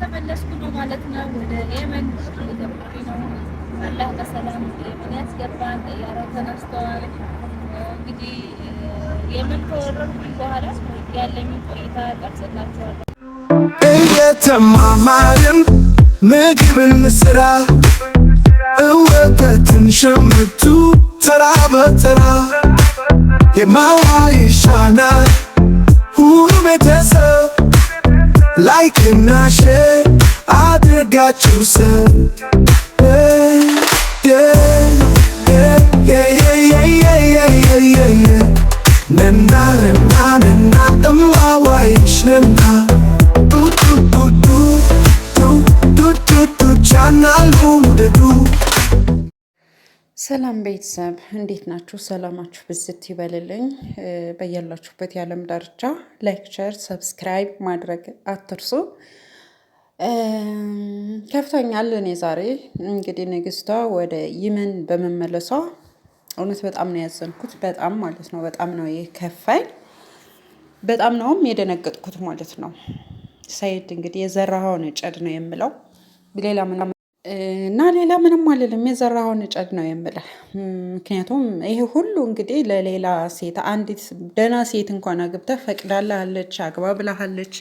እየተመለስኩ ነው ማለት ነው። ወደ የመን እየገባሁ ነው። አላህ በሰላም የመን ያስገባን። ጠያራው ተነስተዋል። እንግዲህ የመን ከወረድኩኝ በኋላ ያለኝ ቆይታ ቀርጽላችኋለሁ። እየተማማርን ምግብን ስራ እወተትን ሸምቱ ተራ በተራ የማዋ ይሻናል ሁሉ ቤተሰብ like in a drga ciusem. Yeah, yeah. ሰላም ቤተሰብ እንዴት ናችሁ? ሰላማችሁ ብዝት ይበልልኝ። በያላችሁበት የዓለም ዳርቻ ሌክቸር ሰብስክራይብ ማድረግ አትርሱ። ከፍተኛል። እኔ ዛሬ እንግዲህ ንግስቷ ወደ የመን በመመለሷ እውነት በጣም ነው ያዘንኩት። በጣም ማለት ነው። በጣም ነው የከፋኝ። በጣም ነውም የደነገጥኩት ማለት ነው። ሰኢድ እንግዲህ የዘራኸውን እጨድ ነው የምለው ሌላ እና ሌላ ምንም አልልም። የዘራኸውን እጨድ ነው የምልህ። ምክንያቱም ይሄ ሁሉ እንግዲህ ለሌላ ሴት አንዲት ደህና ሴት እንኳን አግብተህ ፈቅዳልሃለች፣ አግባብልሃለች።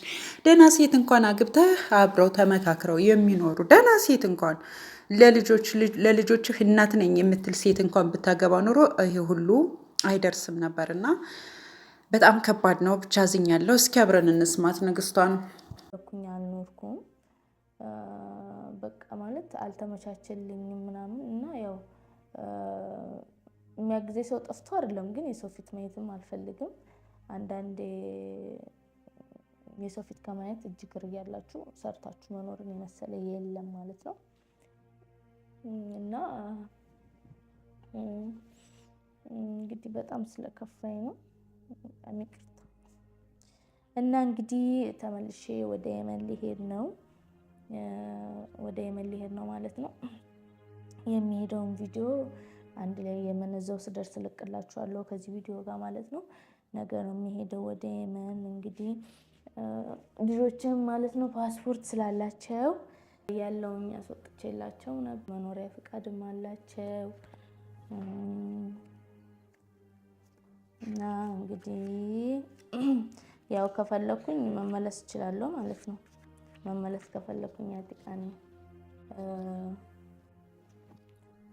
ደህና ሴት እንኳን አግብተህ አብረው ተመካክረው የሚኖሩ ደህና ሴት እንኳን ለልጆችህ እናት ነኝ የምትል ሴት እንኳን ብታገባ ኑሮ ይሄ ሁሉ አይደርስም ነበር እና በጣም ከባድ ነው። ብቻ አዝኛለሁ። እስኪ አብረን እንስማት ንግስቷን። ማለት አልተመቻቸልኝም ምናምን እና ያው የሚያግዜ ሰው ጠፍቶ አይደለም፣ ግን የሰው ፊት ማየትም አልፈልግም። አንዳንዴ የሰው ፊት ከማየት እጅግ እያላችሁ ሰርታችሁ መኖርን የመሰለ የለም ማለት ነው እና እንግዲህ በጣም ስለከፋኝ ነው ይቅርታ። እና እንግዲህ ተመልሼ ወደ የመን ሊሄድ ነው። ወደ የመን ሊሄድ ነው ማለት ነው። የሚሄደውን ቪዲዮ አንድ ላይ የመን እዛው ስደርስ እልቅላችኋለሁ ከዚህ ቪዲዮ ጋር ማለት ነው። ነገር የሚሄደው ወደ የመን እንግዲህ ልጆችም ማለት ነው ፓስፖርት ስላላቸው ያለውን ያስወጥቼላቸው መኖሪያ ፍቃድም አላቸው እና እንግዲህ ያው ከፈለኩኝ መመለስ እችላለሁ ማለት ነው። መመለስ ከፈለኩኝ አጥቃኔ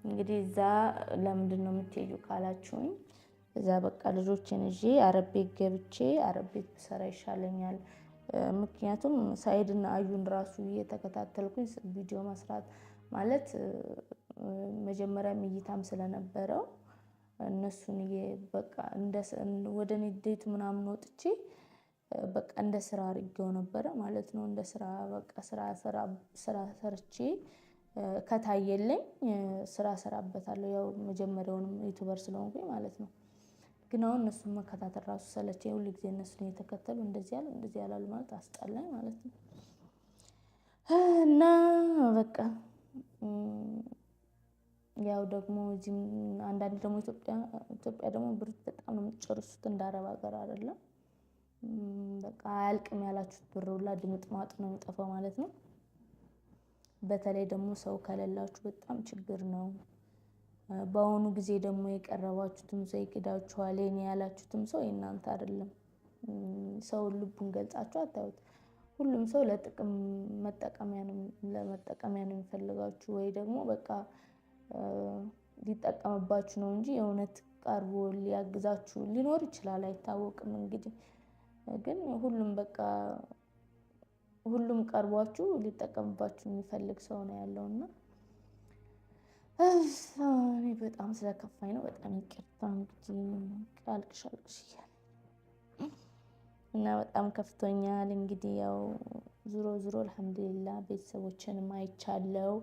እንግዲህ እዛ ለምንድን ነው የምትሄጁ ካላችሁኝ፣ እዛ በቃ ልጆችን ይዤ አረብ ቤት ገብቼ አረብ ቤት ብሰራ ይሻለኛል። ምክንያቱም ሳይድና አዩን ራሱ እየተከታተልኩኝ ቪዲዮ መስራት ማለት መጀመሪያም እይታም ስለነበረው እነሱን በቃ ወደ ንዴት ምናምን ወጥቼ በቃ እንደ ስራ አድርጌው ነበረ ማለት ነው። እንደ ስራ በቃ ስራ ሰርቼ ከታየልኝ ስራ ሰራበታለሁ። ያው መጀመሪያውንም ዩቱበር ስለሆንኩኝ ማለት ነው። ግን አሁን እነሱን መከታተል ራሱ ሰለቸኝ። ሁሉ ጊዜ እነሱን እየተከተሉ እንደዚህ ያለ እንደዚህ ያላሉ ማለት አስጠላኝ ማለት ነው። እና በቃ ያው ደግሞ እዚህም አንዳንድ ደግሞ ኢትዮጵያ ደግሞ ብር በጣም ነው የምትጨርሱት፣ እንዳረብ ሀገር አይደለም በቃ አያልቅም ያላችሁት ብር ሁላ ድምጥማጡ ነው የሚጠፋው ማለት ነው። በተለይ ደግሞ ሰው ከሌላችሁ በጣም ችግር ነው። በአሁኑ ጊዜ ደግሞ የቀረባችሁትም ሰው ይክዳችኋል። የኔ ያላችሁትም ሰው የእናንተ አይደለም። ሰው ልቡን ገልጻችሁ አታዩት። ሁሉም ሰው ለጥቅም መጠቀሚያ ነው ለመጠቀሚያ ነው የሚፈልጋችሁ ወይ ደግሞ በቃ ሊጠቀምባችሁ ነው እንጂ የእውነት ቀርቦ ሊያግዛችሁ ሊኖር ይችላል፣ አይታወቅም እንግዲህ ግን ሁሉም በቃ ሁሉም ቀርቧችሁ ሊጠቀምባችሁ የሚፈልግ ሰው ነው ያለው እና እኔ በጣም ስለከፋኝ ነው። በጣም ይቅርታ እንግዲህ አልቅሽ አልቅሽ እያለ እና በጣም ከፍቶኛል። እንግዲህ ያው ዙሮ ዙሮ አልሐምዱሊላ ቤተሰቦችን አይቻለው።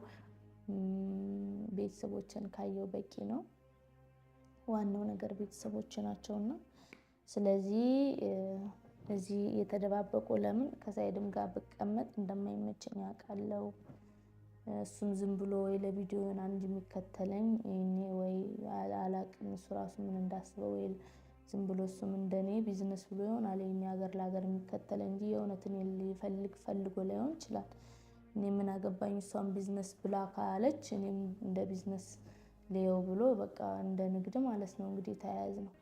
ቤተሰቦችን ካየው በቂ ነው። ዋናው ነገር ቤተሰቦች ናቸውና ስለዚህ እዚህ የተደባበቁ ለምን ከሳይድም ጋር ብቀመጥ እንደማይመቸኝ አውቃለሁ። እሱም ዝም ብሎ ወይ ለቪዲዮ ይሆናል እንጂ የሚከተለኝ ይሄኔ ወይ አላቅም። እሱ ራሱ ምን እንዳስበው ወይ ዝም ብሎ እሱም እንደኔ ቢዝነስ ብሎ አለ ይሄኔ ሀገር ለሀገር የሚከተለኝ እንጂ የእውነትን ሊፈልግ ፈልጎ ላይሆን ይችላል። እኔ ምን አገባኝ እሷን ቢዝነስ ብላ ካለች እኔም እንደ ቢዝነስ ሌየው ብሎ በቃ እንደ ንግድ ማለት ነው እንግዲህ ተያያዝ ነው።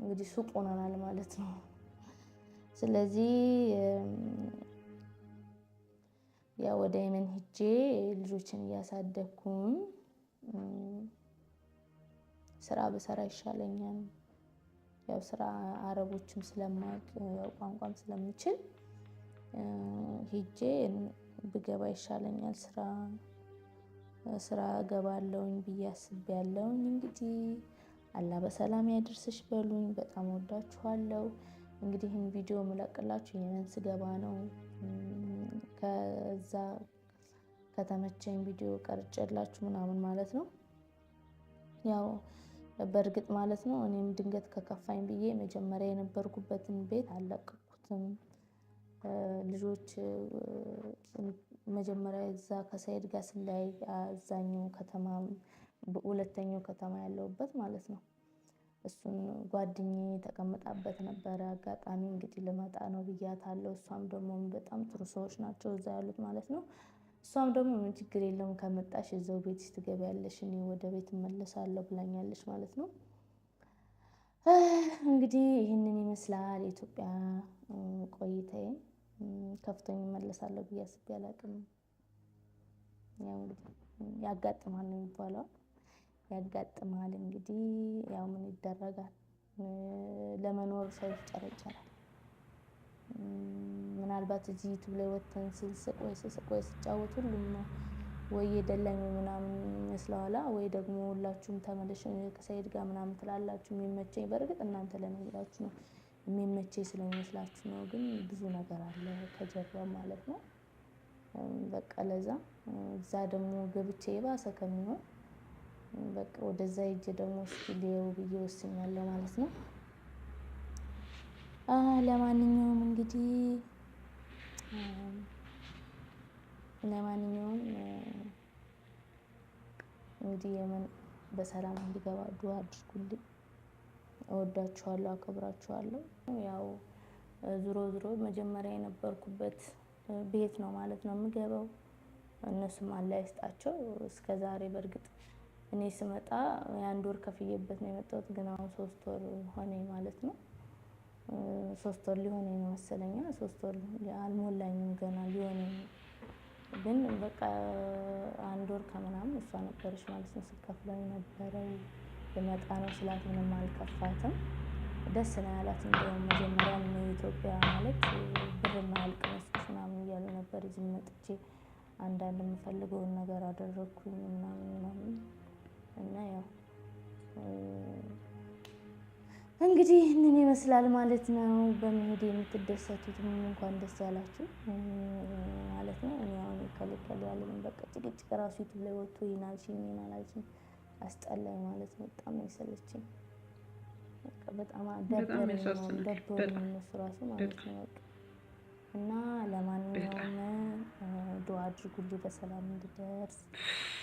እንግዲህ ሱቅ ሆነናል ማለት ነው። ስለዚህ ያ ወደ የመን ሂጄ ልጆችን እያሳደግኩኝ ስራ በሰራ ይሻለኛል። ያው ስራ አረቦችም ስለማውቅ ያው ቋንቋም ስለምችል ሂጄ ብገባ ይሻለኛል ስራ ስራ እገባለሁኝ ብዬ አስቤያለሁኝ እንግዲህ አላ በሰላም ያደርስሽ በሉኝ። በጣም ወዳችኋለሁ። እንግዲህ ይህን ቪዲዮ ምለቅላችሁ የመን ስገባ ነው። ከዛ ከተመቸኝ ቪዲዮ ቀርጨላችሁ ምናምን ማለት ነው ያው በእርግጥ ማለት ነው እኔም ድንገት ከከፋኝ ብዬ መጀመሪያ የነበርኩበትን ቤት አለቀኩትም ልጆች መጀመሪያ እዛ ከሰይድ ጋር ስለያይ አዛኙ ከተማ ሁለተኛው ከተማ ያለውበት ማለት ነው። እሱን ጓደኛዬ ተቀምጣበት ነበረ። አጋጣሚ እንግዲህ ልመጣ ነው ብያታለሁ። እሷም ደግሞ በጣም ጥሩ ሰዎች ናቸው እዛ ያሉት ማለት ነው። እሷም ደግሞ ምን ችግር የለውም ከመጣሽ እዛው ቤት ትገቢያለሽ፣ እኔ ወደ ቤት እመለሳለሁ ብላኛለች ማለት ነው። እንግዲህ ይህንን ይመስላል የኢትዮጵያ ቆይታዬ። ከፍቶኝ እመለሳለሁ ብዬ አስቤ አላቅም። ያጋጥማል ነው የሚባለው። ያጋጥማል። እንግዲህ ያው ምን ይደረጋል፣ ለመኖር ሰው ይጨረጨራል። ምናልባት እዚህ ዩቱብ ላይ ወጥተን ስንስቅ ወይ ስስቅ ወይ ስጫወት ሁሉም ወይ የደላኝ ምናምን ይመስለዋላ፣ ወይ ደግሞ ሁላችሁም ተመለሽ ከሰይድ ጋር ምናምን ትላላችሁ። የሚመቸኝ በእርግጥ እናንተ ለመሄዳችሁ ነው የሚመቸኝ ስለሚመስላችሁ ነው። ግን ብዙ ነገር አለ ከጀርባ ማለት ነው። በቃ ለዛ እዛ ደግሞ ገብቼ የባሰ ከሚሆን በቃ ወደዛ ሄጄ ደግሞ እስኪ ሊየው ብዬ ወስኛለሁ ማለት ነው። ለማንኛውም እንግዲህ ለማንኛውም እንግዲህ የመን በሰላም እንዲገባ ዱአ አድርጉልኝ። እወዳችኋለሁ፣ አከብራችኋለሁ። ያው ዞሮ ዞሮ መጀመሪያ የነበርኩበት ቤት ነው ማለት ነው የምገባው። እነሱም አላህ ይስጣቸው እስከ ዛሬ በእርግጥ እኔ ስመጣ የአንድ ወር ከፍዬበት ነው የመጣሁት፣ ግን አሁን ሶስት ወር ሆነ ማለት ነው። ሶስት ወር ሊሆነ ነው መሰለኛ። ሶስት ወር አልሞላኝም ገና ሊሆነኝ ግን በቃ አንድ ወር ከምናምን እሷ ነበረች ማለት ነው ስከፍለኝ ነበረው የመጣ ነው ስላት ምንም አልከፋትም። ደስ ነው ያላት። እንዲሁም መጀመሪያ የኢትዮጵያ ማለት ብር ማያልቅ መስሎሽ ምናምን እያሉ ነበር። እዚህ መጥቼ አንዳንድ የምፈልገውን ነገር አደረግኩኝ ምናምን ምናምን እና ያው እንግዲህ ይህንን ይመስላል ማለት ነው። በመሄድ የምትደሰቱት ምን እንኳን ደስ ያላችሁ ማለት ነው። እኔ አሁን ይከለከል ያለኝ በቃ ጭቅጭቅ ራሱ ዩቱብ ላይ ወጥቶ ይናልሽኝ ይናላልሽኝ አስጠላኝ ማለት ነው። በጣም አይሰለችም በጣም ደብሮኝ ነው እሱ ራሱ ማለት ነው እና ለማንኛውም ዱዓ አድርጉልኝ በሰላም እንድደርስ።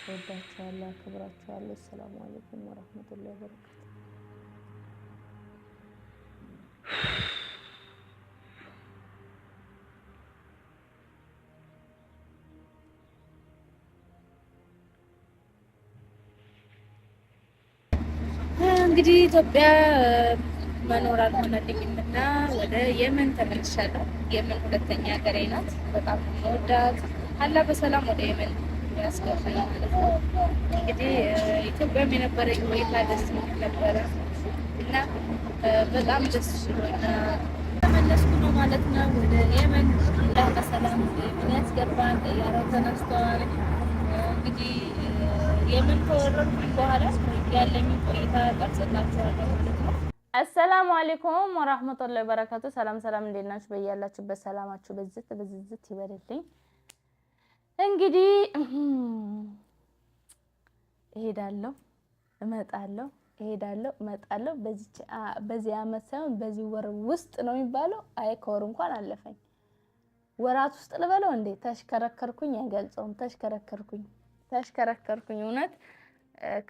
ወዳችኋለሁ፣ አክብራችኋለሁ። ሰላሙ አለይኩም ወረህመቱላሂ ወበረካቱ። እንግዲህ ኢትዮጵያ መኖር አልሆነልኝምና ወደ የመን ተመልሻለሁ። የመን ሁለተኛ ሀገሬ ናት። በጣም መወዳት አላ በሰላም ወደ የመን ያስገባኝ ማለት ነው። እንግዲህ ኢትዮጵያም የነበረኝ ሁኔታ ደስ የሚል ነበረ እና በጣም ደስ ሽሎና ተመለስኩ ነው ማለት ነው። ወደ የመን አላ በሰላም ምን የመን ያስገባን። ጠያራው ተነስተዋል። እንግዲህ የመን ከወረድኩኝ በኋላ ያለኝ ቆይታ ቀርጽላቸዋለሁ። አሰላሙ አሌይኩም ወራህመቱላሂ በረካቱ። ሰላም ሰላም፣ እንዴት ናችሁ? በያላችሁበት ሰላማችሁ በዝት በዝዝት ይበልልኝ። እንግዲህ እሄዳለሁ፣ እመጣለሁ፣ እሄዳለሁ፣ እመጣለሁ። በዚህ አመት ሳይሆን በዚህ ወር ውስጥ ነው የሚባለው። አይ ከወር እንኳን አለፈኝ፣ ወራት ውስጥ ልበለው እንዴ? ተሽከረከርኩኝ፣ አይገልጸውም። ተሽከረከርኩኝ፣ ተሽከረከርኩኝ እውነት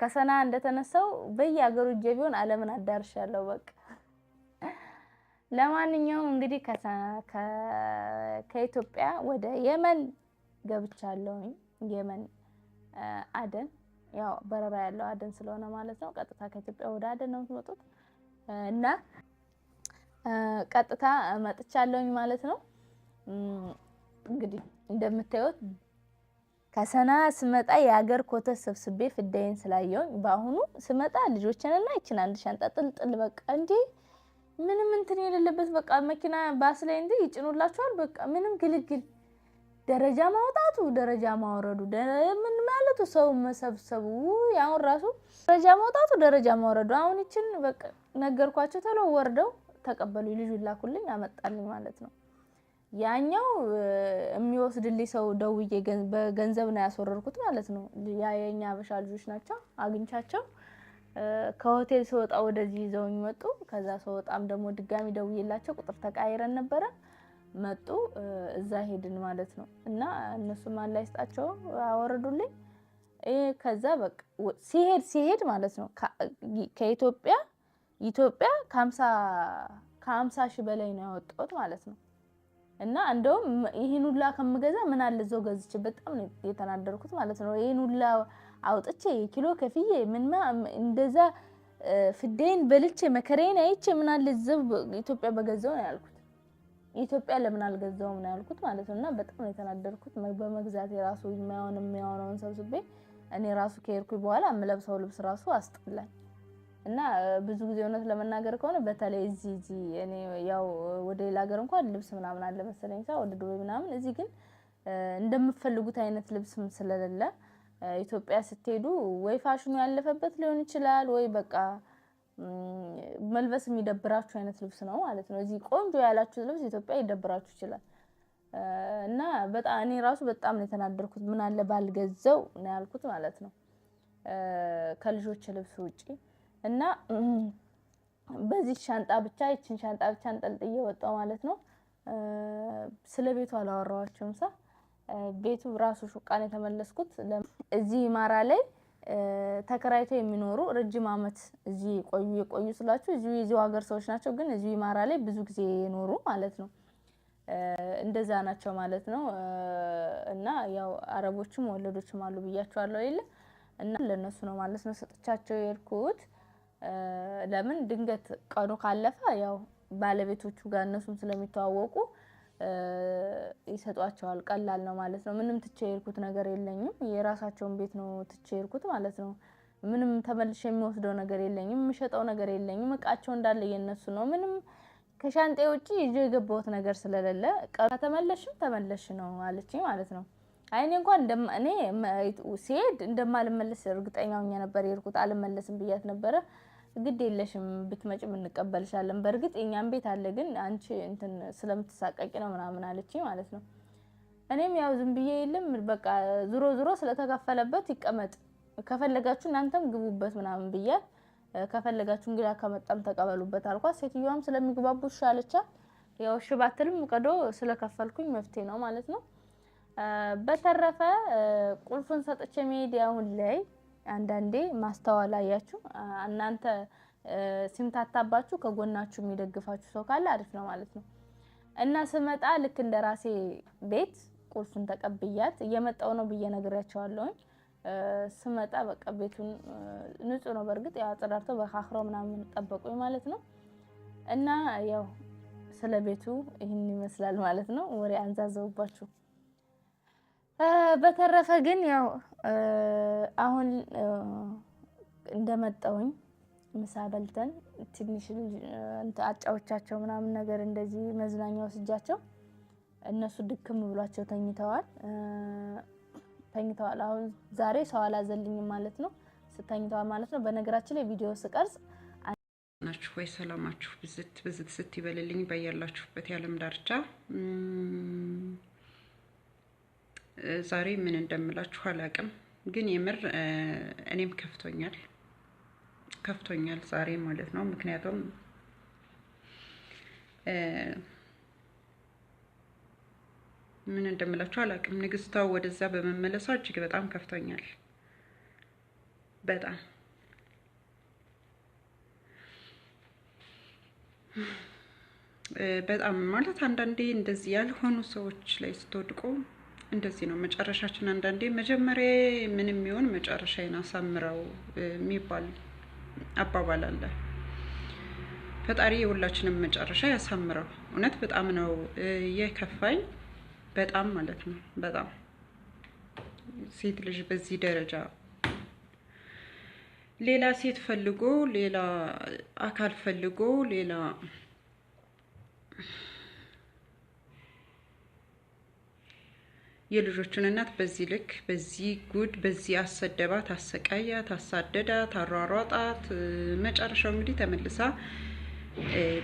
ከሰና እንደተነሳው በየሀገሩ እጄ ቢሆን ዓለምን አዳርሻለሁ። በቃ ለማንኛውም እንግዲህ ከኢትዮጵያ ወደ የመን ገብቻለሁ። የመን አደን፣ ያው በረራ ያለው አደን ስለሆነ ማለት ነው። ቀጥታ ከኢትዮጵያ ወደ አደን ነው የምትመጡት እና ቀጥታ መጥቻለሁኝ ማለት ነው። እንግዲህ እንደምታዩት ከሰና ስመጣ የሀገር ኮተት ሰብስቤ ፍዳዬን ስላየውኝ በአሁኑ ስመጣ ልጆችንና ይችን አንድ ሻንጣ ጥልጥል በቃ እንዲ ምንም እንትን የሌለበት በቃ መኪና ባስ ላይ እንዲ ይጭኑላቸዋል። በቃ ምንም ግልግል ደረጃ ማውጣቱ ደረጃ ማውረዱ ምን ማለቱ ሰው መሰብሰቡ አሁን ራሱ ደረጃ ማውጣቱ ደረጃ ማውረዱ አሁን ይችን በቃ ነገርኳቸው። ተለው ወርደው ተቀበሉ ልጁ ላኩልኝ አመጣልኝ ማለት ነው። ያኛው የሚወስድልኝ ሰው ደውዬ በገንዘብ ነው ያስወረርኩት ማለት ነው። ያ የኛ አበሻ ልጆች ናቸው አግኝቻቸው ከሆቴል ስወጣ ወደዚህ ይዘውኝ መጡ። ከዛ ስወጣም ደግሞ ድጋሚ ደውዬላቸው ቁጥር ተቃይረን ነበረ መጡ። እዛ ሄድን ማለት ነው እና እነሱም አላይ ስጣቸው አወረዱልኝ። ከዛ በቃ ሲሄድ ሲሄድ ማለት ነው ከኢትዮጵያ ኢትዮጵያ ከሀምሳ ሺህ በላይ ነው ያወጣሁት ማለት ነው። እና እንደውም ይህን ሁላ ከምገዛ ምን አለ እዛው ገዝቼ በጣም ነው የተናደርኩት ማለት ነው። ይሄን ሁላ አውጥቼ ኪሎ ከፍዬ ምንማ እንደዛ ፍዴን በልቼ መከሬን አይቼ ምን አለ እዛው ኢትዮጵያ በገዛው ነው ያልኩት። ኢትዮጵያ ለምን አልገዛውም ነው ያልኩት ማለት ነው። እና በጣም ነው የተናደርኩት በመግዛት የራሱ የማይሆን የሚሆነውን ሰብስቤ እኔ ራሱ ከሄድኩኝ በኋላ የምለብሰው ልብስ ራሱ አስጠላኝ። እና ብዙ ጊዜ እውነት ለመናገር ከሆነ በተለይ እዚህ እዚህ እኔ ያው ወደ ሌላ ሀገር እንኳን ልብስ ምናምን አለ መሰለኝ ሳ ወደ ዱባይ ምናምን፣ እዚህ ግን እንደምፈልጉት አይነት ልብስም ስለሌለ ኢትዮጵያ ስትሄዱ ወይ ፋሽኑ ያለፈበት ሊሆን ይችላል ወይ በቃ መልበስ የሚደብራችሁ አይነት ልብስ ነው ማለት ነው። እዚህ ቆንጆ ያላችሁት ልብስ ኢትዮጵያ ይደብራችሁ ይችላል። እና በጣም እኔ ራሱ በጣም ነው የተናደርኩት። ምን አለ ባልገዘው ነው ያልኩት ማለት ነው ከልጆች ልብስ ውጪ እና በዚህ ሻንጣ ብቻ ይችን ሻንጣ ብቻ እንጠልጥዬ ወጣው ማለት ነው። ስለ ቤቱ አላወራዋቸውም ሳ ቤቱ ራሱ ሹቃን የተመለስኩት እዚህ ማራ ላይ ተከራይተው የሚኖሩ ረጅም ዓመት እዚህ ቆዩ የቆዩ ስላችሁ እዚሁ የዚሁ ሀገር ሰዎች ናቸው፣ ግን እዚሁ ማራ ላይ ብዙ ጊዜ የኖሩ ማለት ነው። እንደዛ ናቸው ማለት ነው። እና ያው አረቦችም ወለዶችም አሉ ብያቸዋለሁ የለ እና ለእነሱ ነው ማለት ነው ሰጥቻቸው የሄድኩት። ለምን ድንገት ቀኑ ካለፈ ያው ባለቤቶቹ ጋር እነሱም ስለሚተዋወቁ ይሰጧቸዋል። ቀላል ነው ማለት ነው። ምንም ትቼ የሄድኩት ነገር የለኝም። የራሳቸውን ቤት ነው ትቼ የሄድኩት ማለት ነው። ምንም ተመልሼ የሚወስደው ነገር የለኝም። የምሸጠው ነገር የለኝም። እቃቸው እንዳለ የነሱ ነው። ምንም ከሻንጤ ውጭ ይዤ የገባሁት ነገር ስለሌለ ከተመለሽም ተመለሽ ነው አለች ማለት ነው። አይኔ እንኳን እኔ ሲሄድ እንደማልመለስ እርግጠኛ ሆኜ ነበር የሄድኩት። አልመለስም ብያት ነበረ ግድ የለሽም ብትመጭም እንቀበልሻለን። በእርግጥ እኛም ቤት አለ፣ ግን አንቺ እንትን ስለምትሳቀቂ ነው ምናምን አለች ማለት ነው። እኔም ያው ዝም ብዬ የለም በቃ ዝሮ ዝሮ ስለተከፈለበት ይቀመጥ፣ ከፈለጋችሁ እናንተም ግቡበት ምናምን ብያት፣ ከፈለጋችሁ እንግዳ ከመጣም ተቀበሉበት አልኳት። ሴትዮዋም ስለሚግባቡ እሺ አለቻት። ያው እሺ ባትልም ቀዶ ስለከፈልኩኝ መፍትሄ ነው ማለት ነው። በተረፈ ቁልፉን ሰጥቼ መሄድ ላይ አንዳንዴ ማስተዋል አያችሁ እናንተ ሲምታታባችሁ ከጎናችሁ የሚደግፋችሁ ሰው ካለ አሪፍ ነው ማለት ነው። እና ስመጣ ልክ እንደ ራሴ ቤት ቁልፉን ተቀብያት እየመጣው ነው ብዬ ነግሬያቸዋለሁኝ። ስመጣ በቃ ቤቱን ንጹህ ነው። በእርግጥ ያው አጽዳርተው በካክረው ምናምን ጠበቁኝ ማለት ነው። እና ያው ስለ ቤቱ ይህን ይመስላል ማለት ነው። ወሬ አንዛዘቡባችሁ። በተረፈ ግን ያው አሁን እንደመጣውኝ ምሳ በልተን ትንሽ አጫዎቻቸው ምናምን ነገር እንደዚህ መዝናኛ ወስጃቸው እነሱ ድክም ብሏቸው ተኝተዋል ተኝተዋል። አሁን ዛሬ ሰው አላዘልኝም ማለት ነው ስተኝተዋል ማለት ነው። በነገራችን ላይ ቪዲዮ ስቀርጽ ናችሁ ወይ ሰላማችሁ ብዝት ብዝት ስት ይበልልኝ በያላችሁበት የዓለም ዳርቻ ዛሬ ምን እንደምላችሁ አላውቅም፣ ግን የምር እኔም ከፍቶኛል ከፍቶኛል ዛሬ ማለት ነው። ምክንያቱም ምን እንደምላችሁ አላውቅም። ንግስቷ ወደዛ በመመለሷ እጅግ በጣም ከፍቶኛል። በጣም በጣም ማለት አንዳንዴ እንደዚህ ያልሆኑ ሰዎች ላይ ስትወድቁ እንደዚህ ነው መጨረሻችን። አንዳንዴ መጀመሪያ ምንም ይሆን መጨረሻዬን አሳምረው የሚባል አባባል አለ። ፈጣሪ የሁላችንም መጨረሻ ያሳምረው። እውነት በጣም ነው የከፋኝ፣ በጣም ማለት ነው። በጣም ሴት ልጅ በዚህ ደረጃ ሌላ ሴት ፈልጎ ሌላ አካል ፈልጎ ሌላ የልጆቹን እናት በዚህ ልክ በዚህ ጉድ በዚህ አሰደባት፣ አሰቃያት፣ አሳደዳት፣ አሯሯጣት። መጨረሻው እንግዲህ ተመልሳ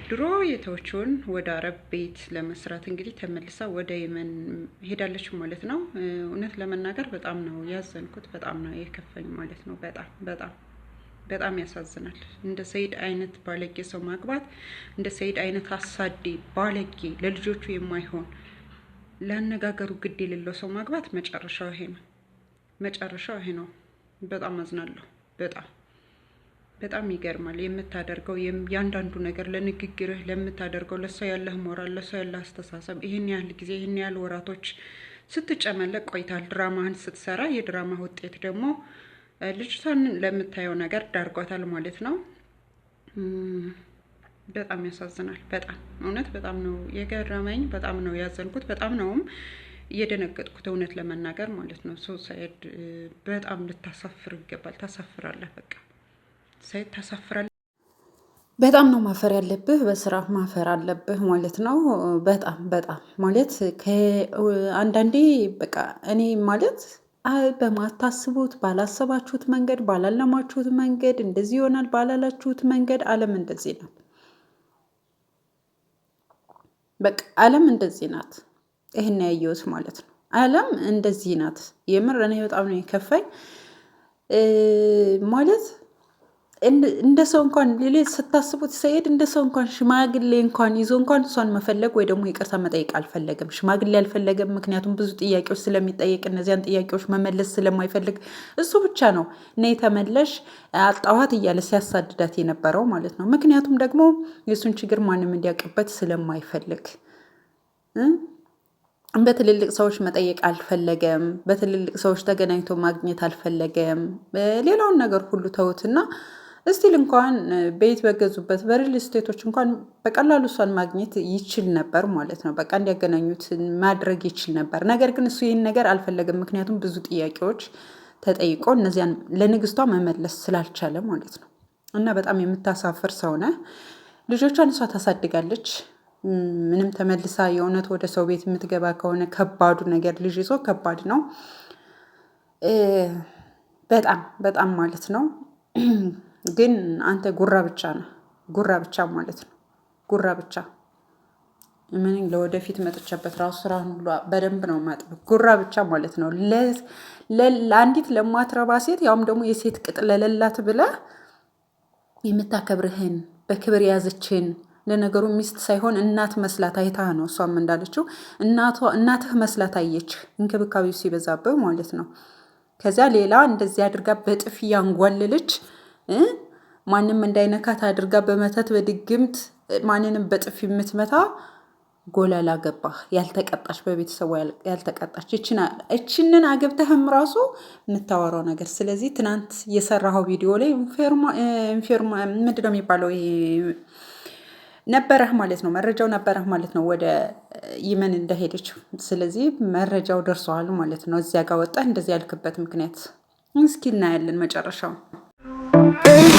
ድሮ የተወችውን ወደ አረብ ቤት ለመስራት እንግዲህ ተመልሳ ወደ የመን ሄዳለች ማለት ነው። እውነት ለመናገር በጣም ነው ያዘንኩት፣ በጣም ነው የከፈኝ ማለት ነው። በጣም በጣም በጣም ያሳዝናል። እንደ ሰይድ አይነት ባለጌ ሰው ማግባት፣ እንደ ሰይድ አይነት አሳዴ ባለጌ ለልጆቹ የማይሆን ለአነጋገሩ ግድ የሌለው ሰው ማግባት መጨረሻው ይሄ ነው። መጨረሻው ይሄ ነው። በጣም አዝናለሁ። በጣም በጣም ይገርማል የምታደርገው ያንዳንዱ ነገር ለንግግርህ፣ ለምታደርገው፣ ለሷ ያለህ ሞራል፣ ለሷ ያለህ አስተሳሰብ ይህን ያህል ጊዜ ይህን ያህል ወራቶች ስትጨመለቅ ቆይታል። ድራማህን ስትሰራ የድራማ ውጤት ደግሞ ልጅቷን ለምታየው ነገር ዳርጓታል ማለት ነው። በጣም ያሳዝናል። በጣም እውነት በጣም ነው የገረመኝ። በጣም ነው ያዘንኩት። በጣም ነውም እየደነገጥኩት እውነት ለመናገር ማለት ነው። ሶሳይድ በጣም ልታሳፍር ይገባል። ታሳፍራለህ። በቃ ሳይድ ታሳፍራለህ። በጣም ነው ማፈር ያለብህ። በስራ ማፈር አለብህ ማለት ነው። በጣም በጣም ማለት አንዳንዴ በቃ እኔ ማለት በማታስቡት ባላሰባችሁት መንገድ ባላለማችሁት መንገድ እንደዚህ ይሆናል ባላላችሁት መንገድ ዓለም እንደዚህ ነው። በቃ ዓለም እንደዚህ ናት። ይህን ያየሁት ማለት ነው። ዓለም እንደዚህ ናት። የምር እኔ በጣም ነው የከፋኝ ማለት እንደ ሰው እንኳን ሌሌ ስታስቡት ሰኢድ እንደ ሰው እንኳን ሽማግሌ እንኳን ይዞ እንኳን እሷን መፈለግ ወይ ደግሞ ይቅርታ መጠየቅ አልፈለገም። ሽማግሌ አልፈለገም፣ ምክንያቱም ብዙ ጥያቄዎች ስለሚጠየቅ እነዚያን ጥያቄዎች መመለስ ስለማይፈልግ እሱ ብቻ ነው ነይ ተመለሽ አጣኋት እያለ ሲያሳድዳት የነበረው ማለት ነው። ምክንያቱም ደግሞ የእሱን ችግር ማንም እንዲያውቅበት ስለማይፈልግ በትልልቅ ሰዎች መጠየቅ አልፈለገም። በትልልቅ ሰዎች ተገናኝቶ ማግኘት አልፈለገም። ሌላውን ነገር ሁሉ ተውትና እስቲል እንኳን ቤት በገዙበት በሪል ስቴቶች እንኳን በቀላሉ እሷን ማግኘት ይችል ነበር ማለት ነው። በቃ እንዲያገናኙት ማድረግ ይችል ነበር። ነገር ግን እሱ ይህን ነገር አልፈለገም። ምክንያቱም ብዙ ጥያቄዎች ተጠይቆ እነዚያን ለንግስቷ መመለስ ስላልቻለ ማለት ነው። እና በጣም የምታሳፍር ሰው ነህ። ልጆቿን እሷ ታሳድጋለች። ምንም ተመልሳ የእውነት ወደ ሰው ቤት የምትገባ ከሆነ ከባዱ ነገር ልጅ ይዞ ከባድ ነው። በጣም በጣም ማለት ነው። ግን አንተ ጉራ ብቻ ነህ። ጉራ ብቻ ማለት ነው። ጉራ ብቻ ምን ለወደፊት መጥቼበት ራሱ ስራን ሁሉ በደንብ ነው ማጥብ። ጉራ ብቻ ማለት ነው። ለአንዲት ለማትረባ ሴት ያውም ደግሞ የሴት ቅጥ ለሌላት ብላ የምታከብርህን በክብር የያዘችን ለነገሩ ሚስት ሳይሆን እናት መስላት አይታህ ነው። እሷም እንዳለችው እናትህ መስላት አየችህ፣ እንክብካቤው ሲበዛብህ ማለት ነው። ከዚያ ሌላ እንደዚህ አድርጋ በጥፊ ያንጓልልች ማንም እንዳይነካት አድርጋ በመተት በድግምት ማንንም በጥፊ የምትመታ ጎላላ ገባህ ያልተቀጣች በቤተሰቡ ያልተቀጣች እችንን አገብተህም ራሱ የምታወራው ነገር። ስለዚህ ትናንት የሰራኸው ቪዲዮ ላይ ኢንፌርማ ምንድን ነው የሚባለው ነበረህ ማለት ነው፣ መረጃው ነበረህ ማለት ነው፣ ወደ ይመን እንደሄደች። ስለዚህ መረጃው ደርሰዋል ማለት ነው። እዚያ ጋር ወጣህ እንደዚህ ያልክበት ምክንያት እስኪ እናያለን መጨረሻው።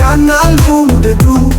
Canal Home de Du.